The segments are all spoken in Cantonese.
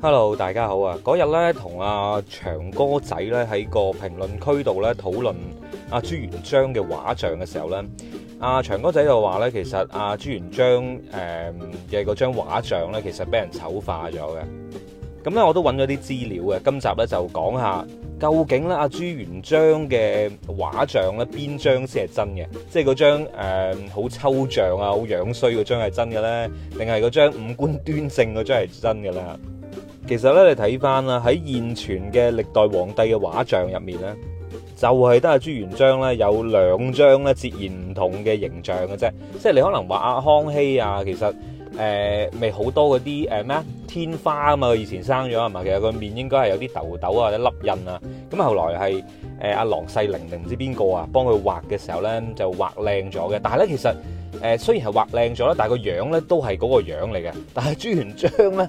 Hello，大家好啊！嗰日咧同阿長哥仔咧喺個評論區度咧討論阿朱元璋嘅畫像嘅時候咧，阿、啊、長哥仔就話咧，其實阿、啊、朱元璋誒嘅嗰張畫像咧，其實俾人醜化咗嘅。咁咧、嗯，我都揾咗啲資料嘅。今集咧就講下究竟咧、啊、阿朱元璋嘅畫像咧邊張先係真嘅？即係嗰張好、呃、抽象啊，好樣衰嗰張係真嘅咧，定係嗰張五官端正嗰張係真嘅咧？其實咧，你睇翻啦，喺現存嘅歷代皇帝嘅畫像入面咧，就係得阿朱元璋咧有兩張咧截然唔同嘅形象嘅啫。即係你可能話阿、啊、康熙啊，其實。誒、呃、未好多嗰啲誒咩啊天花啊嘛，以前生咗啊嘛？其實個面應該係有啲痘痘啊，或者粒印啊。咁後來係誒阿郎世寧定唔知邊個啊，幫佢畫嘅時候咧就畫靚咗嘅。但係咧其實誒、呃、雖然係畫靚咗啦，但係個樣咧都係嗰個樣嚟嘅。但係朱元璋咧，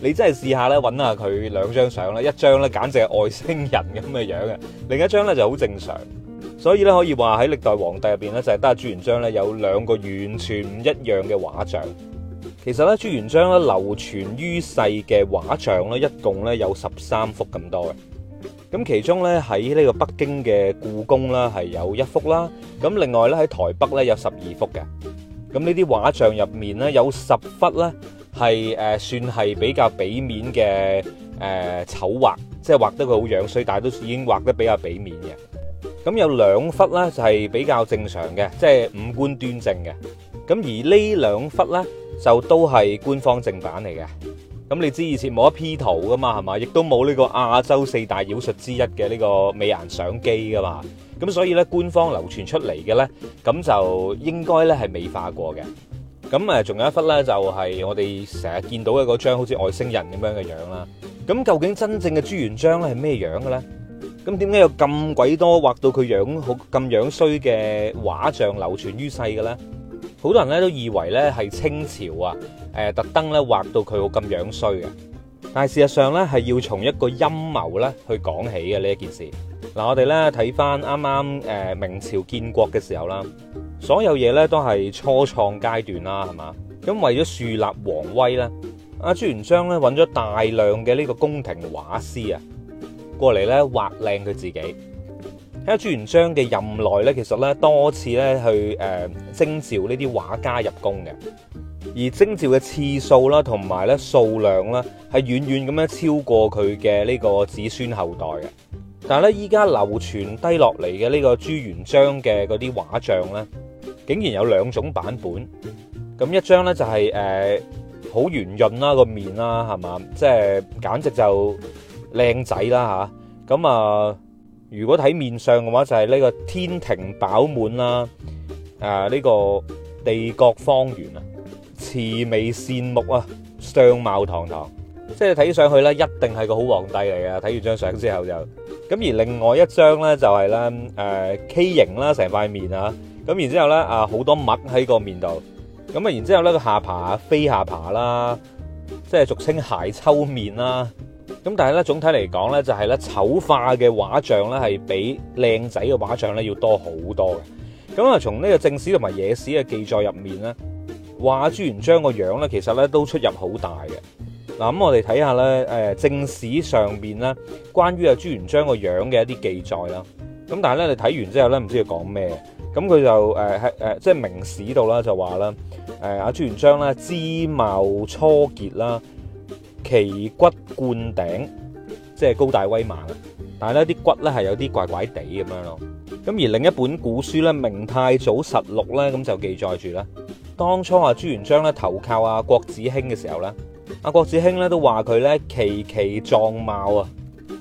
你真係試下咧揾下佢兩張相啦，一張咧簡直係外星人咁嘅樣嘅，另一張咧就好正常。所以咧可以話喺歷代皇帝入邊咧就係、係、得朱元璋咧有兩個完全唔一樣嘅畫像。其實咧朱元璋咧流傳於世嘅畫像咧，一共咧有十三幅咁多嘅。咁其中咧喺呢個北京嘅故宮啦，係有一幅啦。咁另外咧喺台北咧有十二幅嘅。咁呢啲畫像入面咧有十幅咧係誒算係比較畀面嘅誒醜畫，即係畫得佢好樣衰，但係都已經畫得比較畀面嘅。咁有兩幅咧就係比較正常嘅，即係五官端正嘅。咁而兩呢兩幅咧，就都係官方正版嚟嘅。咁你知以前冇一 P 圖噶嘛，係嘛？亦都冇呢個亞洲四大妖術之一嘅呢個美顏相機噶嘛。咁所以咧，官方流傳出嚟嘅咧，咁就應該咧係美化過嘅。咁誒，仲有一幅咧，就係、是、我哋成日見到嘅嗰張好似外星人咁樣嘅樣啦。咁究竟真正嘅朱元璋咧係咩樣嘅咧？咁點解有咁鬼多畫到佢樣好咁樣衰嘅畫像流傳於世嘅咧？好多人咧都以為咧係清朝啊，誒特登咧畫到佢好咁樣衰嘅，但係事實上咧係要從一個陰謀咧去講起嘅呢一件事。嗱、呃，我哋咧睇返啱啱誒明朝建國嘅時候啦，所有嘢咧都係初創階段啦，係嘛？咁、嗯、為咗樹立皇威咧，阿、啊、朱元璋咧揾咗大量嘅呢個宮廷畫師啊，過嚟咧畫靚佢自己。喺朱元璋嘅任內咧，其實咧多次咧去誒、呃、徵召呢啲畫家入宮嘅，而徵召嘅次數啦，同埋咧數量咧係遠遠咁樣超過佢嘅呢個子孫後代嘅。但係咧依家流傳低落嚟嘅呢個朱元璋嘅嗰啲畫像咧，竟然有兩種版本。咁一張咧就係誒好圓潤啦個面啦，係、呃、嘛，即係、就是、簡直就靚仔啦吓。咁啊～、呃如果睇面相嘅話，就係、是、呢個天庭飽滿啦，誒、啊、呢、這個地國方圓啊，慈眉善目啊，相貌堂堂，即係睇上去咧，一定係個好皇帝嚟嘅。睇完張相之後就，咁而另外一張咧就係、是、咧，誒、呃、畸形啦，成塊面啊，咁然之後咧啊好多墨喺個面度，咁啊然之後咧個下巴啊飛下巴啦，即係俗稱鞋秋面啦。咁但係咧，總體嚟講咧，就係咧醜化嘅畫像咧，係比靚仔嘅畫像咧要多好多嘅。咁啊，從呢個正史同埋野史嘅記載入面咧，話朱元璋個樣咧，其實咧都出入好大嘅。嗱、嗯，咁我哋睇下咧，誒，正史上邊咧，關於阿朱元璋個樣嘅一啲記載啦。咁但係咧，你睇完之後咧，唔知佢講咩？咁佢就誒，喺、呃、誒、呃，即係明史度啦，就話啦，誒，阿朱元璋咧，姿貌初傑啦。奇骨冠頂，即係高大威猛啊！但係咧，啲骨咧係有啲怪怪地咁樣咯。咁而另一本古書咧《明太祖實錄》咧咁就記載住啦。當初啊朱元璋咧投靠阿郭子興嘅時候咧，阿郭子興咧都話佢咧奇奇壯貌啊，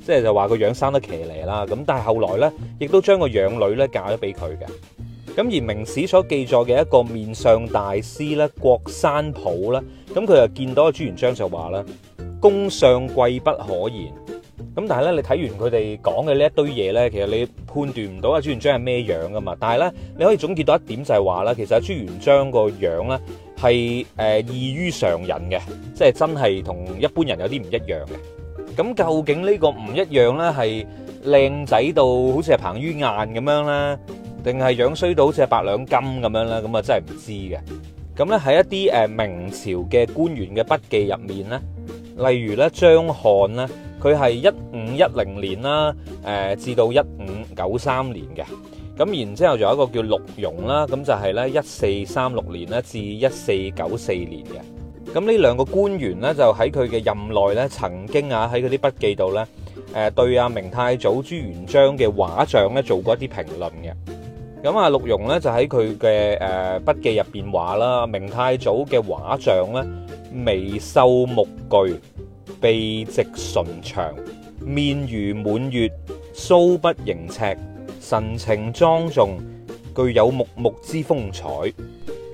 即係就話佢樣生得騎呢啦。咁但係後來咧亦都將個養女咧嫁咗俾佢嘅。咁而明史所記載嘅一個面相大師咧郭山甫咧，咁佢就見到阿朱元璋就話啦。功上貴不可言咁，但係咧，你睇完佢哋講嘅呢一堆嘢咧，其實你判斷唔到阿朱元璋係咩樣㗎嘛。但係咧，你可以總結到一點就係話啦，其實阿朱元璋個樣咧係誒異於常人嘅，即係真係同一般人有啲唔一樣嘅。咁究竟呢個唔一樣咧係靚仔到好似係彭于晏咁樣啦，定係樣衰到好似係八兩金咁樣啦？咁啊真係唔知嘅。咁咧喺一啲誒明朝嘅官員嘅筆記入面咧。例如咧，張瀚咧，佢係一五一零年啦，誒至到一五九三年嘅。咁然之後仲有一個叫陸容啦，咁就係咧一四三六年咧至一四九四年嘅。咁呢兩個官員咧，就喺佢嘅任內咧，曾經啊喺嗰啲筆記度咧，誒對啊明太祖朱元璋嘅畫像咧做過一啲評論嘅。咁啊陸容咧就喺佢嘅誒筆記入邊話啦，明太祖嘅畫像咧，眉秀目具，鼻直唇長，面如滿月，鬚不盈尺，神情莊重，具有木木之風采。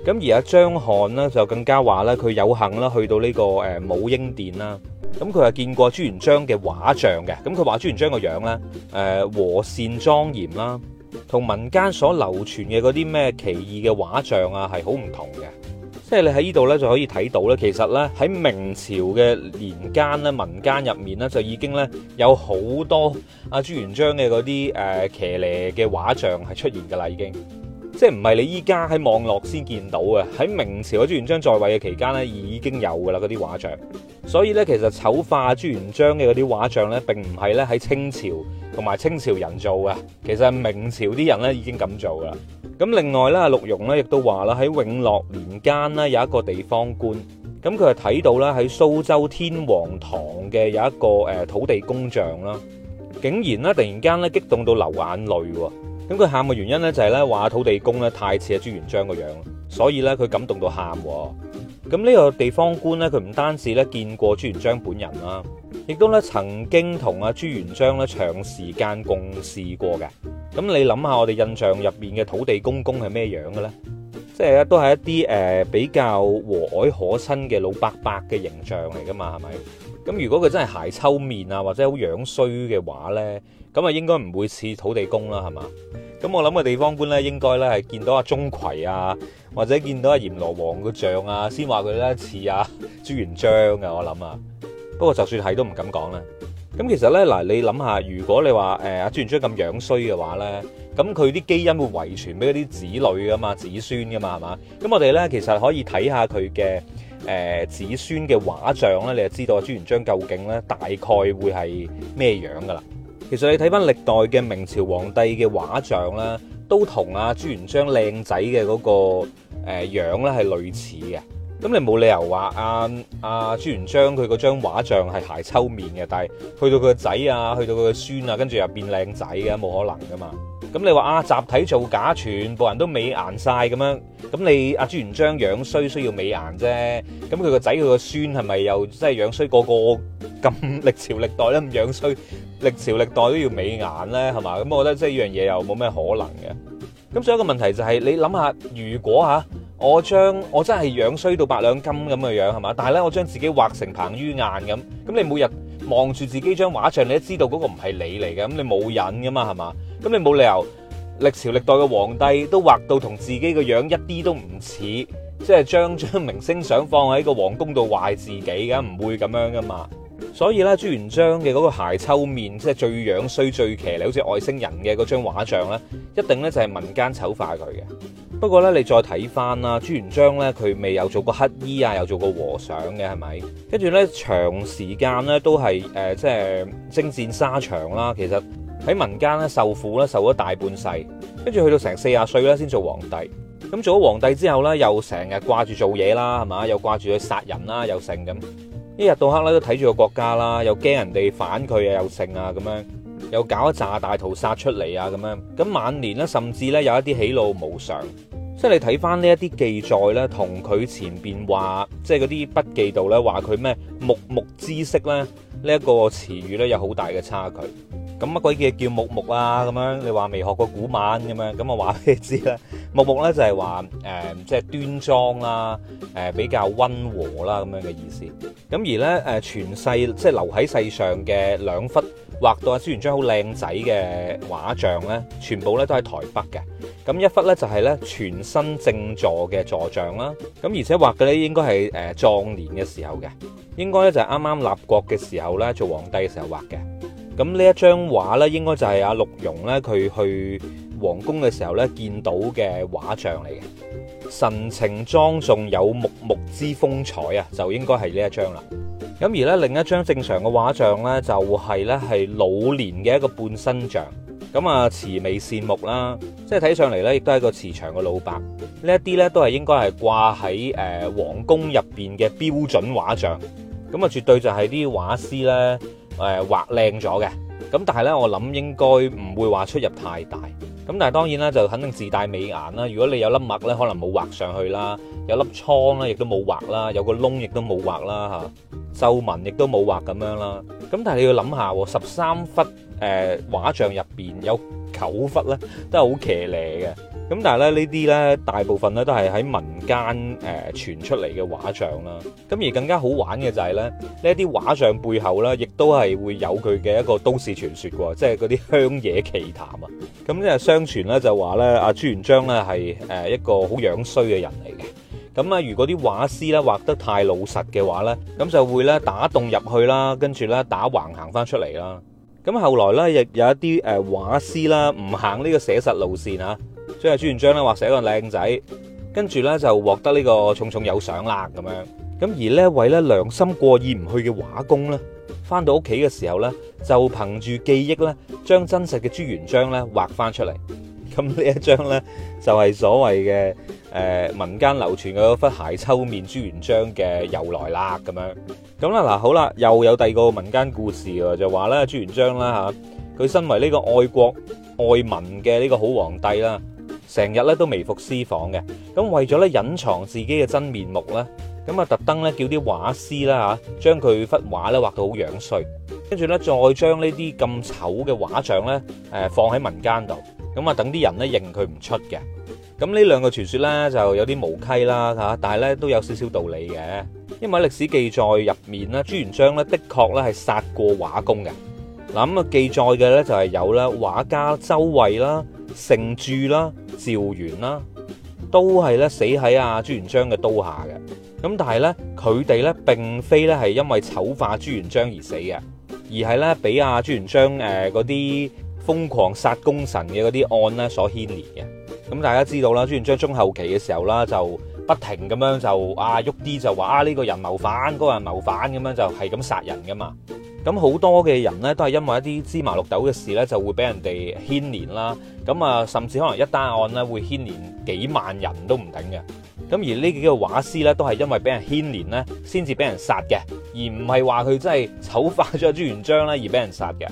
咁而家張翰呢，就更加話咧，佢有幸啦去到呢個誒武英殿啦，咁佢係見過朱元璋嘅畫像嘅。咁佢話朱元璋個樣咧，誒和善莊嚴啦，同民間所流傳嘅嗰啲咩奇異嘅畫像啊，係好唔同嘅。即係你喺呢度咧就可以睇到咧，其實咧喺明朝嘅年間咧，民間入面咧就已經咧有好多阿朱元璋嘅嗰啲誒騎呢嘅畫像係出現㗎啦，已經。即係唔係你依家喺網絡先見到嘅。喺明朝嘅朱元璋在位嘅期間咧，已經有噶啦嗰啲畫像。所以咧，其實醜化朱元璋嘅嗰啲畫像咧，並唔係咧喺清朝同埋清朝人做嘅。其實係明朝啲人咧已經咁做噶啦。咁另外咧，陸容咧亦都話啦，喺永樂年間咧有一個地方官，咁佢係睇到咧喺蘇州天王堂嘅有一個誒土地公像啦，竟然咧突然間咧激動到流眼淚。咁佢喊嘅原因咧就係咧話土地公咧太似阿朱元璋個樣，所以咧佢感動到喊。咁呢個地方官咧，佢唔單止咧見過朱元璋本人啦，亦都咧曾經同阿朱元璋咧長長時間共事過嘅。咁你諗下，我哋印象入邊嘅土地公公係咩樣嘅咧？即係咧都係一啲誒、呃、比較和藹可親嘅老伯伯嘅形象嚟噶嘛？係咪？咁如果佢真係鞋抽面啊，或者好樣衰嘅話咧，咁啊應該唔會似土地公啦，係嘛？咁我諗個地方官咧，應該咧係見到阿鐘馗啊，或者見到阿閻羅王個、啊、像啊，先話佢咧似阿朱元璋嘅。我諗啊，不過就算係都唔敢講啦。咁其實咧嗱，你諗下，如果你話誒阿朱元璋咁樣衰嘅話咧，咁佢啲基因會遺傳俾嗰啲子女噶嘛、子孫噶嘛，係嘛？咁我哋咧其實可以睇下佢嘅。誒、呃，子孫嘅畫像咧，你就知道朱元璋究竟咧大概會係咩樣噶啦。其實你睇返歷代嘅明朝皇帝嘅畫像咧，都同阿朱元璋靚仔嘅嗰個誒、呃、樣咧係類似嘅。咁你冇理由話阿阿朱元璋佢嗰張畫像係鞋抽面嘅，但係去到佢個仔啊，去到佢個孫啊，跟住又變靚仔嘅，冇可能噶嘛？咁你話啊，集體造假，全部人都美顏晒咁樣，咁你阿、啊、朱元璋樣衰需要美顏啫？咁佢個仔佢個孫係咪又真係樣衰，衰？個個咁歷朝歷代都唔樣衰，歷朝歷代都要美顏咧，係嘛？咁我覺得即係呢樣嘢又冇咩可能嘅。咁最後一個問題就係、是、你諗下，如果吓？啊我將我真係樣衰到八兩金咁嘅樣係嘛，但係咧我將自己畫成彭于晏咁，咁你每日望住自己張畫像，你都知道嗰個唔係你嚟嘅，咁你冇癮噶嘛係嘛，咁你冇理由歷朝歷代嘅皇帝都畫到同自己個樣一啲都唔似，即係將張明星相放喺個皇宮度壞自己噶，唔會咁樣噶嘛。所以咧朱元璋嘅嗰個鞋抽面即係最樣衰最騎你，好似外星人嘅嗰張畫像咧，一定咧就係民間醜化佢嘅。不過咧你再睇翻啦，朱元璋咧佢未有做過乞衣啊，又做過和尚嘅係咪？跟住咧長時間咧都係誒、呃、即係征戰沙場啦。其實喺民間咧受苦咧受咗大半世，跟住去到成四十歲咧先做皇帝。咁做咗皇帝之後咧又，又，又成日掛住做嘢啦，係嘛？又掛住去殺人啦，又剩咁。一日到黑咧都睇住個國家啦，又驚人哋反佢啊，又勝啊咁樣，又搞一紮大屠殺出嚟啊咁樣。咁晚年呢，甚至呢有一啲喜怒無常，即係你睇返呢一啲記載呢，同佢前邊話即係嗰啲筆記度呢，話佢咩木木知識呢，呢、呢、一個詞語呢，有好大嘅差距。咁乜鬼嘢叫木木啊？咁樣你話未學過古文咁樣，咁我話俾你知啦。木木咧就係話誒，即係端莊啦，誒比較溫和啦咁樣嘅意思。咁而咧誒，傳世即係留喺世上嘅兩幅畫到阿朱元璋好靚仔嘅畫像咧，全部咧都喺台北嘅。咁一幅咧就係咧全身正坐嘅坐像啦。咁而且畫嘅咧應該係誒壯年嘅時候嘅，應該咧就係啱啱立國嘅時候咧做皇帝嘅時候畫嘅。咁呢一張畫咧，應該就係阿陸容咧，佢去皇宮嘅時候呢見到嘅畫像嚟嘅，神情莊重有木木之風采啊，就應該係呢一張啦。咁而呢另一張正常嘅畫像呢，就係呢係老年嘅一個半身像，咁啊慈眉善目啦，即係睇上嚟呢亦都係個慈祥嘅老伯。呢一啲呢都係應該係掛喺誒皇宮入邊嘅標準畫像，咁啊絕對就係啲畫師呢。誒，畫靚咗嘅，咁但係咧，我諗應該唔會話出入太大，咁但係當然啦就肯定自帶美顏啦。如果你有粒墨咧，可能冇畫上去啦；有粒瘡咧，亦都冇畫啦；有個窿亦都冇畫啦，吓，皺紋亦都冇畫咁樣啦。咁但係你要諗下，十三幅誒畫像入邊有九幅咧，都係好騎呢嘅。咁但係咧，呢啲咧大部分咧都係喺民間誒傳出嚟嘅畫像啦。咁而更加好玩嘅就係咧，呢一啲畫像背後咧，亦都係會有佢嘅一個都市傳說喎，即係嗰啲鄉野奇談啊。咁即係相傳咧，就話咧阿朱元璋咧係誒一個好樣衰嘅人嚟嘅。咁啊，如果啲畫師咧畫得太老實嘅話咧，咁就會咧打洞入去啦，跟住咧打橫行翻出嚟啦。咁後來咧亦有一啲誒畫師啦，唔行呢個寫實路線啊。所以朱元璋咧，畫成一個靚仔，跟住咧就獲得呢個重重有賞啦。咁樣咁而呢一位咧良心過意唔去嘅畫工咧，翻到屋企嘅時候咧，就憑住記憶咧，將真實嘅朱元璋咧畫翻出嚟。咁呢一張咧就係、是、所謂嘅誒、呃、民間流傳嘅忽鞋抽面朱元璋嘅由來啦。咁樣咁啦嗱，好啦，又有第二個民間故事喎，就話咧朱元璋啦嚇，佢、啊、身為呢個愛國愛民嘅呢個好皇帝啦。成日咧都微服私訪嘅，咁為咗咧隱藏自己嘅真面目咧，咁啊特登咧叫啲畫師啦吓，將佢幅畫咧畫到好樣衰，跟住咧再將呢啲咁醜嘅畫像咧誒放喺民間度，咁啊等啲人咧認佢唔出嘅。咁呢兩個傳說咧就有啲無稽啦吓，但係咧都有少少道理嘅，因為喺歷史記載入面咧，朱元璋咧的確咧係殺過畫工嘅。嗱咁啊記載嘅咧就係有咧畫家周衛啦。成柱啦、趙元啦，都係咧死喺阿朱元璋嘅刀下嘅。咁但係咧，佢哋咧並非咧係因為醜化朱元璋而死嘅，而係咧俾阿朱元璋誒嗰啲瘋狂殺功臣嘅嗰啲案咧所牽連嘅。咁大家知道啦，朱元璋中後期嘅時候啦，就不停咁樣就啊喐啲就話啊呢個人謀反，嗰個人謀反，咁樣就係咁殺人噶嘛。咁好多嘅人咧，都係因為一啲芝麻綠豆嘅事咧，就會俾人哋牽連啦。咁啊，甚至可能一單案咧，會牽連幾萬人都唔定嘅。咁而呢幾個畫師咧，都係因為俾人牽連咧，先至俾人殺嘅，而唔係話佢真係醜化咗朱元璋咧，而俾人殺嘅。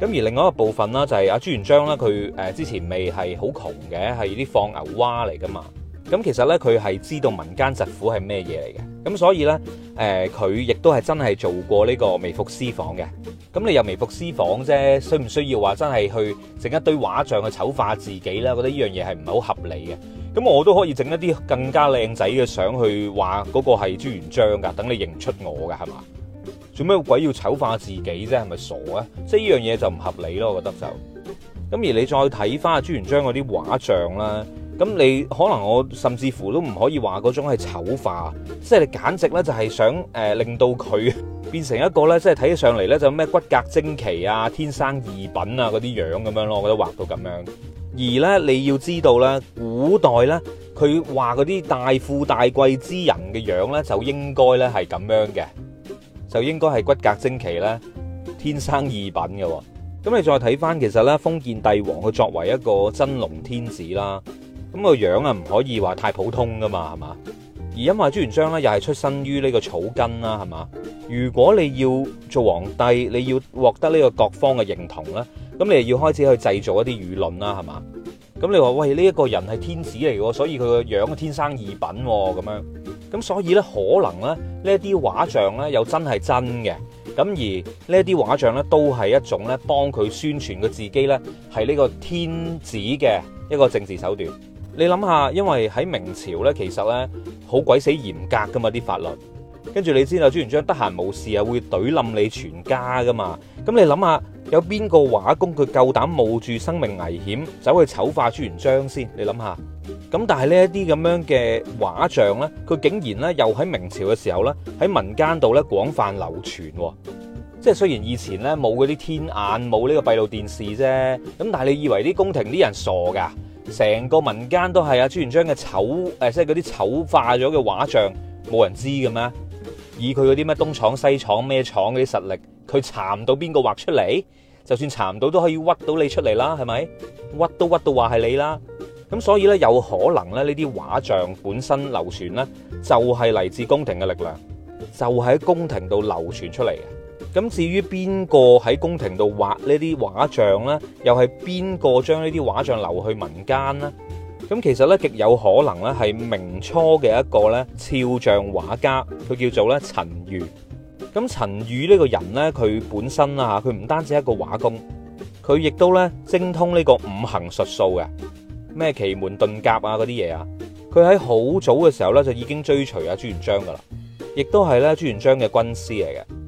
咁而另外一個部分啦，就是，就係阿朱元璋啦，佢誒之前未係好窮嘅，係啲放牛娃嚟㗎嘛。咁其實呢，佢係知道民間疾苦係咩嘢嚟嘅，咁所以呢，誒佢亦都係真係做過呢個微服私訪嘅。咁你又微服私訪啫，需唔需要話真係去整一堆畫像去醜化自己呢？我覺得呢樣嘢係唔係好合理嘅？咁我都可以整一啲更加靚仔嘅相去話嗰個係朱元璋噶，等你認出我噶係嘛？做咩鬼要醜化自己啫？係咪傻啊？即係呢樣嘢就唔合理咯，我覺得就。咁而你再睇翻朱元璋嗰啲畫像啦。咁你可能我甚至乎都唔可以話嗰種係醜化，即係你簡直咧就係想誒、呃、令到佢 變成一個咧，即係睇起上嚟，咧就咩骨骼精奇啊，天生異品啊嗰啲樣咁樣咯。我覺得畫到咁樣，而咧你要知道咧，古代咧佢話嗰啲大富大貴之人嘅樣咧就應該咧係咁樣嘅，就應該係骨骼精奇咧，天生異品嘅。咁你再睇翻，其實咧封建帝王佢作為一個真龍天子啦。咁個樣啊，唔可以話太普通噶嘛，係嘛？而因為朱元璋咧，又係出身於呢個草根啦，係嘛？如果你要做皇帝，你要獲得呢個各方嘅認同咧，咁你就要開始去製造一啲輿論啦，係嘛？咁你話，喂，呢一、這個人係天子嚟嘅，所以佢個樣天生異稟咁、哦、樣，咁所以呢，可能咧呢啲畫像呢，又真係真嘅，咁而呢啲畫像呢，都係一種呢，幫佢宣傳佢自己呢，係呢個天子嘅一個政治手段。你諗下，因為喺明朝咧，其實咧好鬼死嚴格噶嘛啲法律，跟住你知啦，朱元璋得閒冇事啊會懟冧你全家噶嘛。咁你諗下，有邊個畫工佢夠膽冒住生命危險走去醜化朱元璋先？你諗下。咁但係呢一啲咁樣嘅畫像咧，佢竟然咧又喺明朝嘅時候咧喺民間度咧廣泛流傳。即係雖然以前咧冇嗰啲天眼，冇呢個閉路電視啫，咁但係你以為啲宮廷啲人傻噶？成個民間都係啊朱元璋嘅醜，誒、呃，即係嗰啲醜化咗嘅畫像，冇人知嘅咩？以佢嗰啲咩東廠、西廠咩廠嗰啲實力，佢查唔到邊個畫出嚟？就算查唔到，都可以屈到你出嚟啦，係咪？屈都屈到話係你啦。咁所以咧，有可能咧呢啲畫像本身流傳咧，就係嚟自宮廷嘅力量，就係喺宮廷度流傳出嚟嘅。咁至於邊個喺宮廷度畫呢啲畫像呢？又係邊個將呢啲畫像留去民間呢？咁其實呢，極有可能咧係明初嘅一個呢肖像畫家，佢叫做咧陳遇。咁陳遇呢個人呢，佢本身啊，佢唔單止係一個畫工，佢亦都呢精通呢個五行術數嘅咩奇門遁甲啊嗰啲嘢啊。佢喺好早嘅時候呢，就已經追隨阿朱元璋噶啦，亦都係呢朱元璋嘅軍師嚟嘅。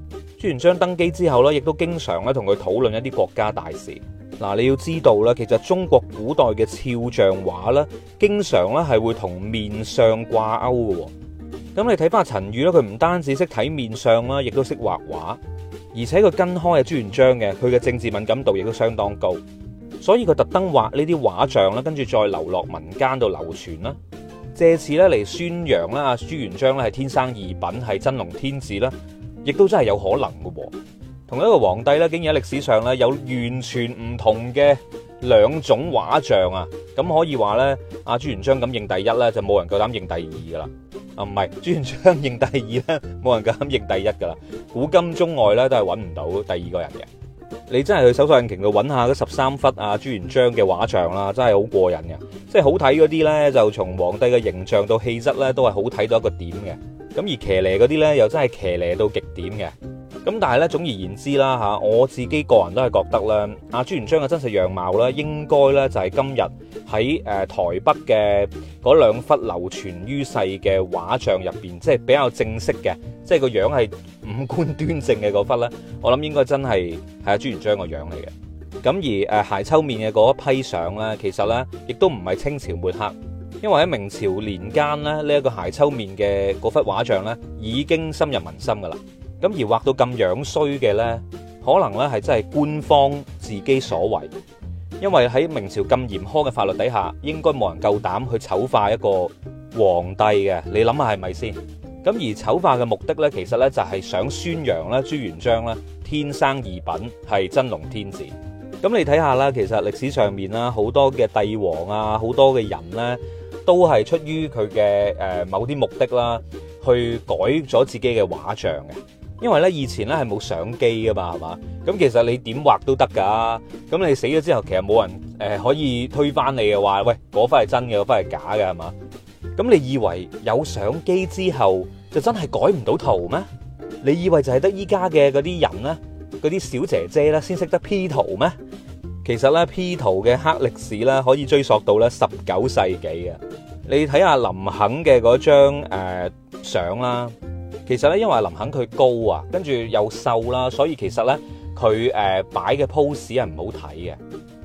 朱元璋登基之後咧，亦都經常咧同佢討論一啲國家大事。嗱，你要知道咧，其實中國古代嘅肖像畫咧，經常咧係會同面相掛鈎嘅。咁你睇翻阿陳遇咧，佢唔單止識睇面相啦，亦都識畫畫，而且佢跟開係朱元璋嘅，佢嘅政治敏感度亦都相當高，所以佢特登畫呢啲畫像啦，跟住再流落民間度流傳啦，借此咧嚟宣揚啦阿朱元璋咧係天生異品，係真龍天子啦。亦都真係有可能嘅，哦，同一個皇帝咧，竟然喺歷史上咧有完全唔同嘅兩種畫像啊！咁可以話咧，阿朱元璋咁認第一咧，就冇人夠膽認第二噶啦。啊，唔係朱元璋認第二咧，冇人夠膽認第一噶啦。古今中外咧都係揾唔到第二個人嘅。你真係去搜索引擎度揾下嗰十三窟啊朱元璋嘅畫像啦，啊，真係好過癮嘅，即係好睇嗰啲咧，就從皇帝嘅形象到氣質咧，都係好睇到一個點嘅。咁而騎呢嗰啲呢，又真係騎呢到極點嘅。咁但係呢，總而言之啦嚇，我自己個人都係覺得啦，阿朱元璋嘅真實樣貌呢，應該呢就係今日喺誒台北嘅嗰兩幅流傳於世嘅畫像入邊，即係比較正式嘅，即係個樣係五官端正嘅嗰忽呢。我諗應該真係係阿朱元璋個樣嚟嘅。咁而誒鞋抽面嘅嗰一批相呢，其實呢亦都唔係清朝抹黑。因為喺明朝年間咧，呢、這、一個鞋抽面嘅嗰幅畫像呢已經深入民心噶啦。咁而畫到咁樣衰嘅呢，可能呢係真係官方自己所為。因為喺明朝咁嚴苛嘅法律底下，應該冇人夠膽去醜化一個皇帝嘅。你諗下係咪先？咁而醜化嘅目的呢，其實呢就係想宣揚呢，朱元璋呢天生異稟，係真龍天子。咁你睇下啦，其實歷史上面啦，好多嘅帝王啊，好多嘅人呢。都係出於佢嘅誒某啲目的啦，去改咗自己嘅畫像嘅。因為咧以前咧係冇相機噶嘛，係嘛？咁其實你點畫都得噶。咁你死咗之後，其實冇人誒、呃、可以推翻你嘅話，喂，嗰幅係真嘅，嗰幅係假嘅，係嘛？咁你以為有相機之後就真係改唔到圖咩？你以為就係得依家嘅嗰啲人呢，嗰啲小姐姐呢先識得 P 圖咩？其實咧 P 圖嘅黑歷史啦，可以追溯到咧十九世紀嘅。你睇下林肯嘅嗰張相啦，其實咧因為林肯佢高啊，跟住又瘦啦，所以其實咧佢誒擺嘅 pose 係唔好睇嘅，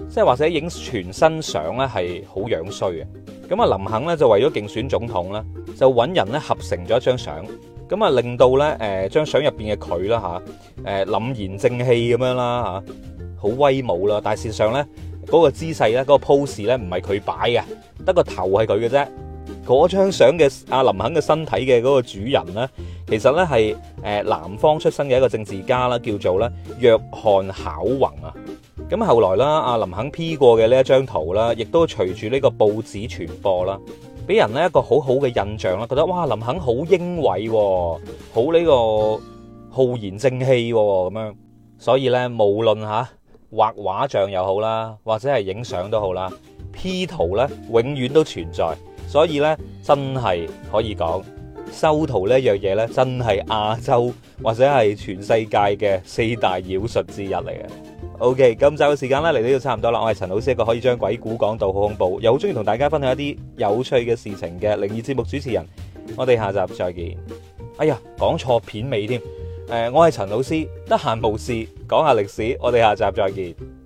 即係或者影全身相咧係好樣衰嘅。咁啊，林肯咧就為咗競選總統咧，就揾人咧合成咗一張相，咁啊令到咧誒張相入邊嘅佢啦，嚇誒，凜然正氣咁樣啦嚇。好威武啦！但事實上咧，嗰、那個姿勢咧，嗰、那個 pose 咧，唔係佢擺嘅，得個頭係佢嘅啫。嗰張相嘅阿林肯嘅身體嘅嗰個主人咧，其實咧係誒南方出身嘅一個政治家啦，叫做咧約翰考宏啊。咁後來啦，阿林肯 P 過嘅呢一張圖啦，亦都隨住呢個報紙傳播啦，俾人咧一個好好嘅印象啦，覺得哇林肯好英偉、哦，好呢、這個浩然正氣咁、哦、樣。所以咧，無論吓。畫畫像又好啦，或者係影相都好啦，P 圖呢永遠都存在，所以呢，真係可以講修圖呢樣嘢呢，真係亞洲或者係全世界嘅四大妖術之一嚟嘅。OK，今集嘅時間呢，嚟到呢度差唔多啦，我係陳老師，一個可以將鬼故講到好恐怖，又好中意同大家分享一啲有趣嘅事情嘅靈異節目主持人。我哋下集再見。哎呀，講錯片尾添。誒，我係陳老師，得閒無事講下歷史，我哋下集再見。